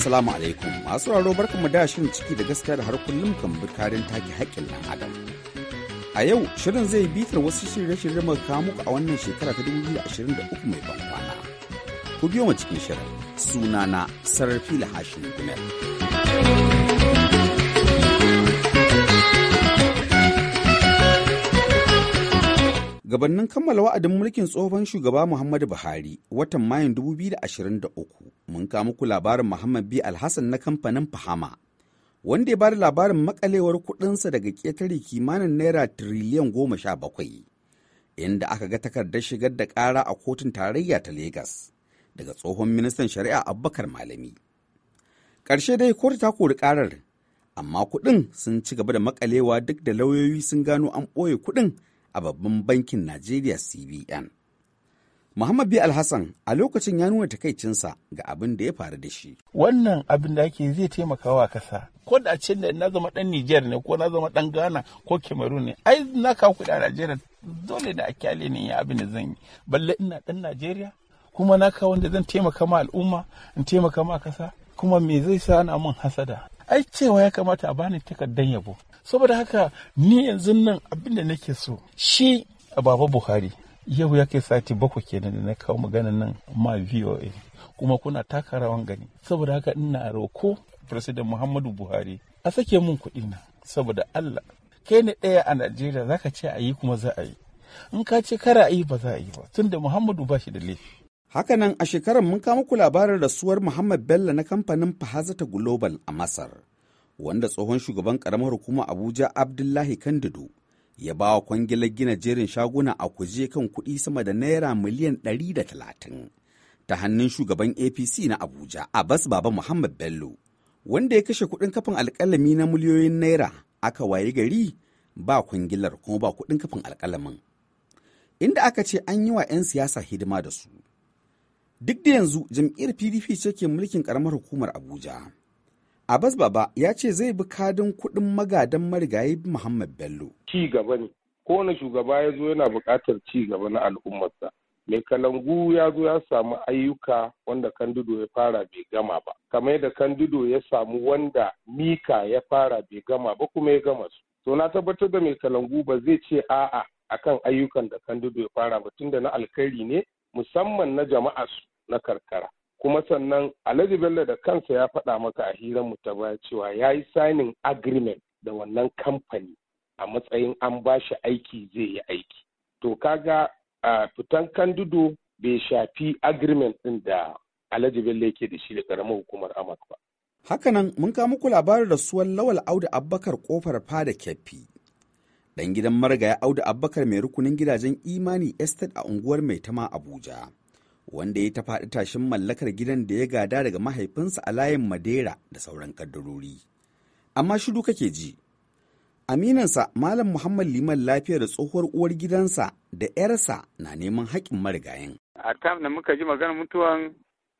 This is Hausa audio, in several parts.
Assalamu alaikum masu raro barkanmu da shirin ciki da gaskiya da har kullum kan bi karin take haƙƙin ɗan adam. A yau shirin zai bitar wasu shirye-shirye mai kawo a wannan shekara ta 2023 mai ban kwana. Ku biyo mu cikin shirin sunana Sarrafi hashin gunar. gabannin kammala wa'adin mulkin tsohon shugaba Muhammadu Buhari watan Mayun 2023 mun ka muku labarin Muhammad B. Alhassan na kamfanin Fahama, wanda ya bada labarin makalewar kuɗinsa daga ƙetare kimanin naira tiriliyan goma sha bakwai, inda aka ga takardar shigar da ƙara a kotun tarayya ta Legas daga tsohon ministan shari'a Abubakar Malami. Ƙarshe dai kotu ta kori ƙarar, amma kuɗin sun ci gaba da makalewa duk da lauyoyi sun gano an ɓoye kuɗin a babban bankin Najeriya CBN. Muhammad B. Alhassan a lokacin ya nuna takaicinsa ga abin da ya faru da shi. Wannan abin da ake zai taimaka wa kasa. Ko da a ce na zama ɗan Nijar ne ko na zama ɗan Ghana ko Cameroon ne. Ai na kawo kuɗi a Najeriya dole da a kyale ne ya abin da zan yi. Balle ina ɗan Najeriya kuma na kawo wanda zan taimaka ma al'umma in taimaka ma kasa kuma me zai sa ana min hasada. Ai cewa ya kamata a bani takardar yabo. Saboda haka ni yanzu nan abin da nake so shi a Baba Buhari. yau ya kai sati bakwai kenan da na kawo magana nan ma VOA kuma kuna taka rawan gani saboda haka ina roko president Muhammadu Buhari a sake mun kuɗi na saboda Allah kai ne ɗaya a Najeriya zaka ce a yi kuma za a yi in ka ce kara a yi ba za a yi ba da Muhammadu ba shi da laifi Hakanan a shekarar mun kama ku labarin rasuwar Muhammad Bello na kamfanin Fahazata Global a Masar, wanda tsohon shugaban karamar hukuma Abuja Abdullahi Kandido ya ba wa kwangilar gina jerin shaguna a kuje kan kuɗi sama da naira miliyan 130 ta hannun shugaban apc na abuja a bas baba muhammad bello wanda ya kashe kuɗin kafin alƙalami na miliyoyin naira aka waye gari ba kwangilar kuma ba kuɗin kafin alƙalamin inda aka ce an yi wa 'yan siyasa hidima da su duk da yanzu jam'iyyar pdp ce ke mulkin ƙaramar hukumar abuja Abbas Baba ya ce zai bi kadin kuɗin magadan marigayi Muhammad Bello. Ci gaba ne, kowane shugaba ya zo yana buƙatar ci gaba na al'ummarsa. Mai kalangu ya zo ya samu ayyuka wanda kandido ya fara bai gama ba, kamar da kandido ya samu wanda mika ya fara bai gama ba kuma ya gama su. To na tabbatar da mai kalangu ba zai ce a'a akan ayyukan da kandido ya fara ba tunda na alkhairi ne musamman na jama'a su na karkara. kuma sannan alhaji bello da kansa ya faɗa maka a hirar mu ta baya cewa ya yi signing agreement da wannan kamfani a matsayin an ba shi aiki zai yi aiki to kaga a fitan kandudo bai shafi agreement ɗin da alhaji bello yake da shi da karamar hukumar amak ba hakanan mun kawo muku labarin rasuwar lawal audu abbakar kofar fada kyaffi ɗan gidan marigaya audu abbakar mai rukunin gidajen imani estate a unguwar maitama abuja wanda ya ta faɗi tashin mallakar gidan da ya gada daga mahaifinsa a layin Madera da sauran kaddarori. Amma shiru kake ji. Aminansa Malam Muhammad Liman lafiya da tsohuwar uwar gidansa da 'yarsa na neman haƙƙin marigayin. A tam da muka ji maganar mutuwan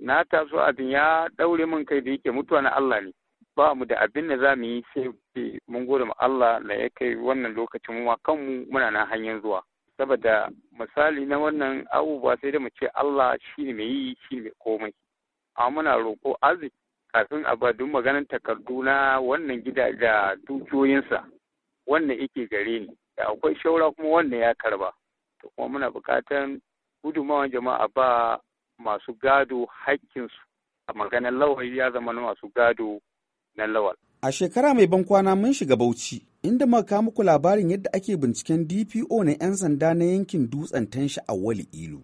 na taso abin ya ɗaure min kai da yake mutuwa na Allah ne. Ba mu da abin da za mu yi sai mun gode ma Allah da ya kai wannan lokacin mu kanmu muna nan hanyar zuwa. saboda misali na wannan abubuwa sai da mu ce Allah shi ne mai yi shi ne komai amma muna roƙo arziki kafin a ba duk maganar takardu na wannan gida da dukiyoyinsa wannan yake gare ni da akwai shaura kuma wannan ya karba to kuma muna buƙatan gudunmawan jama'a ba masu gado haƙƙinsu a maganar lawal ya zama na masu gado na lawal A shekara mai ban kwana mun shiga Bauchi, inda muka kawo muku labarin yadda ake binciken DPO na 'yan sanda na yankin dutsen tanshi a wali ilu.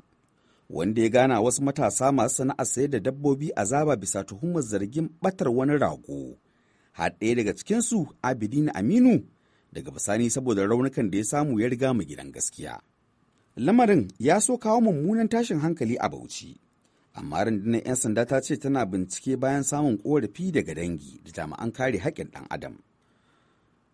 Wanda ya gana wasu matasa masu sana'a sayar da dabbobi a zaba bisa tuhumar zargin batar wani rago. Har ɗaya daga cikinsu Abidin Aminu daga bisani saboda raunukan da ya samu ya riga mu gidan gaskiya. Lamarin ya so kawo mummunan tashin hankali a Bauchi. amma rundunar 'yan sanda ta ce tana bincike bayan samun korafi daga dangi da jami'an kare haƙƙin ɗan adam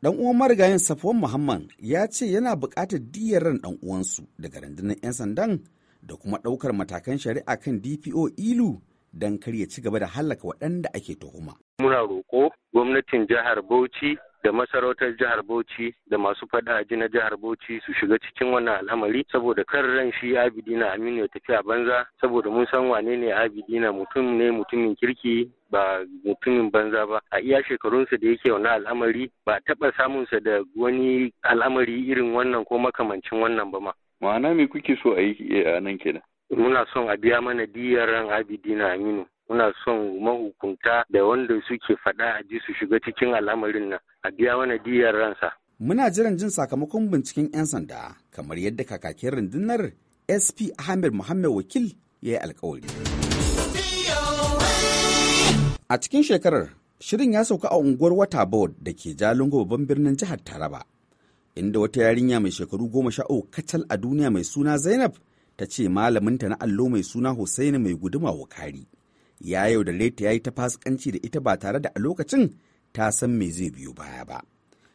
ɗan uwan marigayin safuwan muhammad ya ce yana buƙatar diyar ran dan uwansu daga rundunar 'yan sandan da kuma ɗaukar matakan shari'a kan dpo ilu don kar ya ci gaba da hallaka waɗanda ake tuhuma muna roƙo gwamnatin jihar bauchi da masarautar jihar Bauchi da masu fada a na jihar Bauchi su shiga cikin wannan al'amari saboda kar ran shi Abidina Aminu ya tafi a banza saboda mun san wane ne Abidina mutum ne mutumin kirki ba mutumin banza ba a iya shekarunsa da yake wani al'amari ba taɓa samunsa da wani al'amari irin wannan ko makamancin wannan ba ma. Ma'ana me kuke so a yi a nan kenan? Muna son a biya mana diyar ran Abidina Aminu. muna son mahukunta da wanda suke faɗa a ji su shiga cikin al'amarin nan a biya mana diyar ransa. Muna jiran jin sakamakon binciken 'yan sanda kamar yadda kakakin rundunar SP Ahmed Muhammad Wakil ya yi alkawari. A cikin shekarar, shirin ya sauka a unguwar Wata Board da ke Jalingo babban birnin jihar Taraba, inda wata yarinya mai shekaru goma sha uku kacal a duniya mai suna Zainab ta ce malaminta na allo mai suna Hussaini mai guduma wukari ya yaudare ta ya yi ta fasikanci da ita ba tare da a lokacin ta san me zai biyo baya ba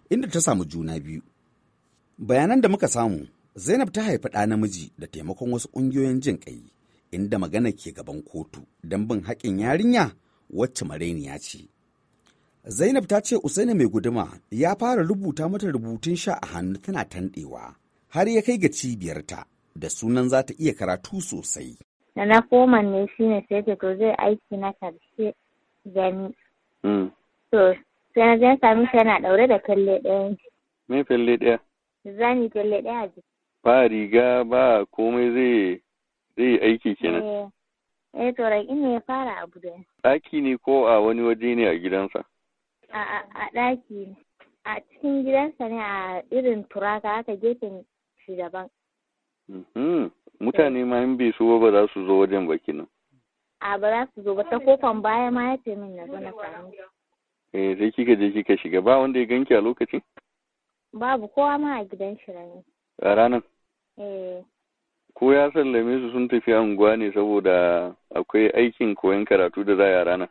inda ta samu juna biyu bayanan da muka samu zainab ta haifi ɗa namiji da taimakon wasu ƙungiyoyin jin ƙai inda magana ke gaban kotu don bin haƙƙin yarinya wacce marainiya ce zainab ta ce usaini mai guduma ya fara rubuta mata rubutun sha a hannu tana tanɗewa har ya kai ga cibiyarta da sunan za ta iya karatu sosai da na koma ne shine sai ce to zai aiki na karshe gani to sai na jan sami shi yana daure da kalle ɗaya me kalle ɗaya zani kalle ɗaya a jiki ba riga ba komai zai zai aiki kenan eh to raƙi ne ya fara abu da ɗaki ne ko a wani waje ne a gidansa a a ɗaki ne a cikin gidansa ne a irin turaka haka gefen shi daban mutane ma in bai so ba za su zo wajen ba nan. a ba za su zo ba ta kofan baya ma ya ce min na zo na samu eh sai kika je kika shiga ba wanda ya ganki a lokaci? babu kowa ma a gidan shi rani a ranar eh ko ya sallame su sun tafi unguwa ne saboda akwai aikin koyon karatu da za a ranar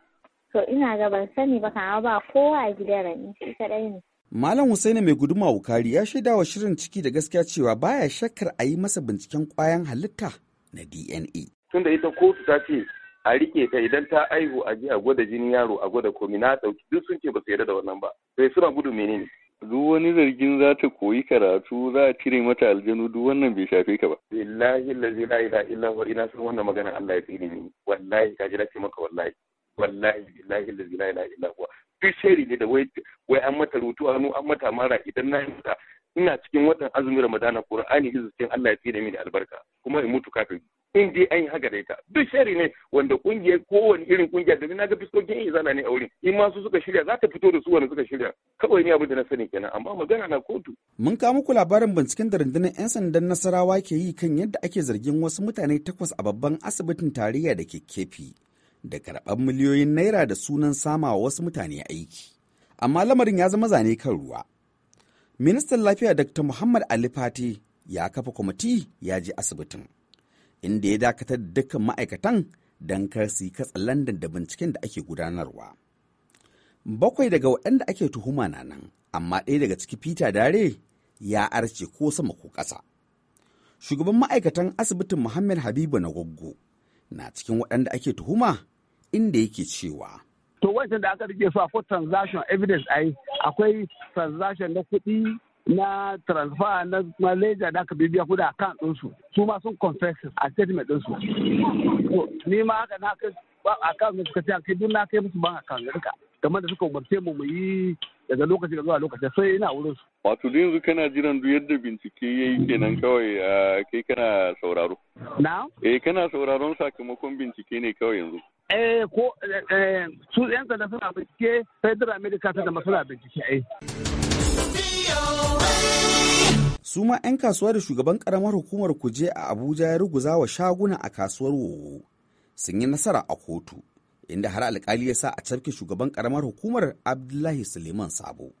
to ina ga ban sani ba kama ba kowa a gidan rani shi kadai ne Malam Husaini mai guduma wukari ya shaida wa shirin ciki da gaskiya cewa baya shakkar a yi masa binciken kwayan halitta na DNA. Tunda ita kotu ta ce a rike ta idan ta aihu a je a gwada jini yaro a gwada komi na dauki duk sun ce ba su yarda da wannan ba. Sai suna gudu menene? duk wani zargin za ta koyi karatu za a cire mata aljanu duk wannan bai shafe ka ba. Billahi lazi la ilaha illa ina san wannan maganar Allah ya tsine ni wallahi ka ji ce maka wallahi wallahi billahi lazi la ilaha illa duk shiri ne da wai an mata rutu hannu an mata mara idan na mata ina cikin watan azumin ramadana qur'ani izin Allah ya tsine mini albarka kuma in mutu kafin in dai an yi haka da ita duk shari ne wanda kungiyar kowane irin kungiya da na ga fiskokin yi zana ne a wurin in ma su suka shirya za ta fito da su wanda suka shirya kawai ne abin da na sani kenan amma magana na kotu. mun kawo muku labarin binciken da rundunar 'yan sandan nasarawa ke yi kan yadda ake zargin wasu mutane takwas a babban asibitin tarayya da ke kefi da karɓar miliyoyin naira da sunan sama wa wasu mutane aiki. Amma lamarin ya zama zane kan ruwa. Ministan lafiya Dr. Muhammad Ali Fati ya kafa kwamiti ya je asibitin, inda ya dakatar da dukkan ma'aikatan don kar su yi katsalandan da binciken da ake gudanarwa. Bakwai daga waɗanda ake tuhuma na nan, amma ɗaya daga ciki Peter Dare ya arce ko sama ko ƙasa. Shugaban ma'aikatan asibitin Muhammad Habibu na Goggo na cikin waɗanda ake tuhuma inda yake cewa. To wancan da aka rike su akwai transaction evidence ai akwai transaction na kuɗi na transfer na malaysia da aka bibiya kuɗi a kan ɗinsu su ma sun confess a statement ɗinsu ni ma haka na kai ba a kan su ka kai duk na kai musu ban a kan rika kamar da suka umarce mu mu yi daga lokaci zuwa lokaci sai ina wurin su wato da yanzu kana jiran duk yadda bincike ya yi kenan kawai ah, kai kana sauraro na eh kana sauraron sakamakon bincike ne kawai yanzu eh ko eh, eh, su yan sanda suna bincike federal america ta da bincike eh. su ma 'yan kasuwa da shugaban ƙaramar hukumar kuje a abuja ya ruguza wa shaguna a kasuwar wowo sun yi nasara a kotu inda har alkali ya sa a cafke shugaban ƙaramar hukumar abdullahi suleiman sabo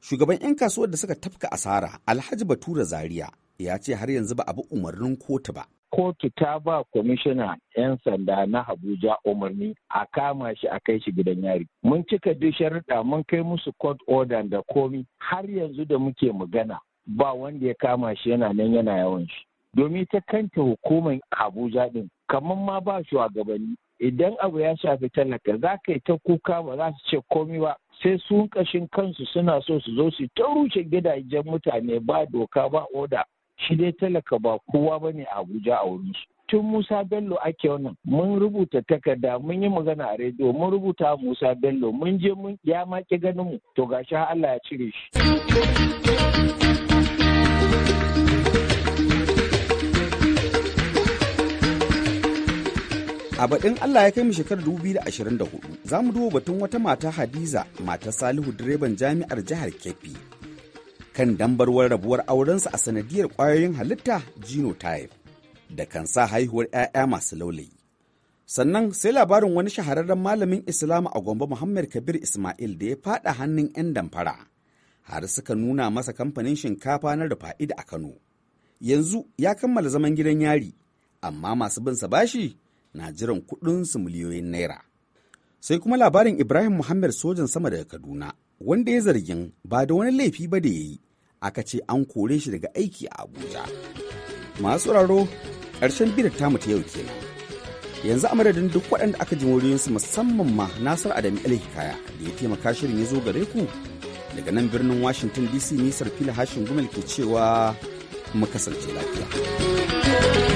shugaban 'yan kasuwar da suka tafka asara alhaji batura zaria ya ce har yanzu ba a bi umarnin kotu ba kotu ta ba kwamishina 'yan sanda na Habuja umarni a kama shi a kai shi gidan yari. Mun cika duk sharuɗa mun kai musu court order da komi har yanzu da muke magana ba wanda ya kama shi yana nan yana yawan shi. Domin ta kanta hukumar Abuja ɗin kamar ma ba shugabanni idan abu ya shafi talaka za ka yi ta kuka ba za su ce komi ba sai sun kashin kansu suna so su zo su ta rushe gidajen mutane ba doka ba oda shi dai talaka ba kowa ba ne a abuja a wurin su tun musa bello ake wannan mun rubuta takarda mun yi magana a rediyo mun rubuta musa bello mun je mun ya maki ganin mu to gashi allah ya cire shi a baɗin Allah ya kai mu shekarar 2024 za mu duba batun wata mata Hadiza matar Salihu direban jami'ar jihar Kebbi kan dambarwar rabuwar aurensa a sanadiyar ƙwayoyin halitta genotype da kan sa haihuwar 'ya'ya masu laulayi. Sannan sai labarin wani shahararren malamin Islamu a Gombe Muhammad Kabir Ismail da ya fada hannun 'yan damfara har suka nuna masa kamfanin shinkafa na Rufa'ida a Kano. Yanzu ya kammala zaman gidan yari, amma masu bin bashi na jiran kuɗinsu miliyoyin naira. Sai kuma labarin Ibrahim Muhammad sojan sama daga Kaduna wanda ya zargin ba da wani laifi ba da ya yi aka ce an kore shi daga aiki a abuja masu sauraro ƙarshen bidar tamu ta yau kenan yanzu a madadin duk waɗanda aka ji su musamman ma nasar adami alhikaya da ya taimaka shirin ya zo gare ku daga nan birnin washington dc nisar fila hashin gumel ke cewa mu kasance lafiya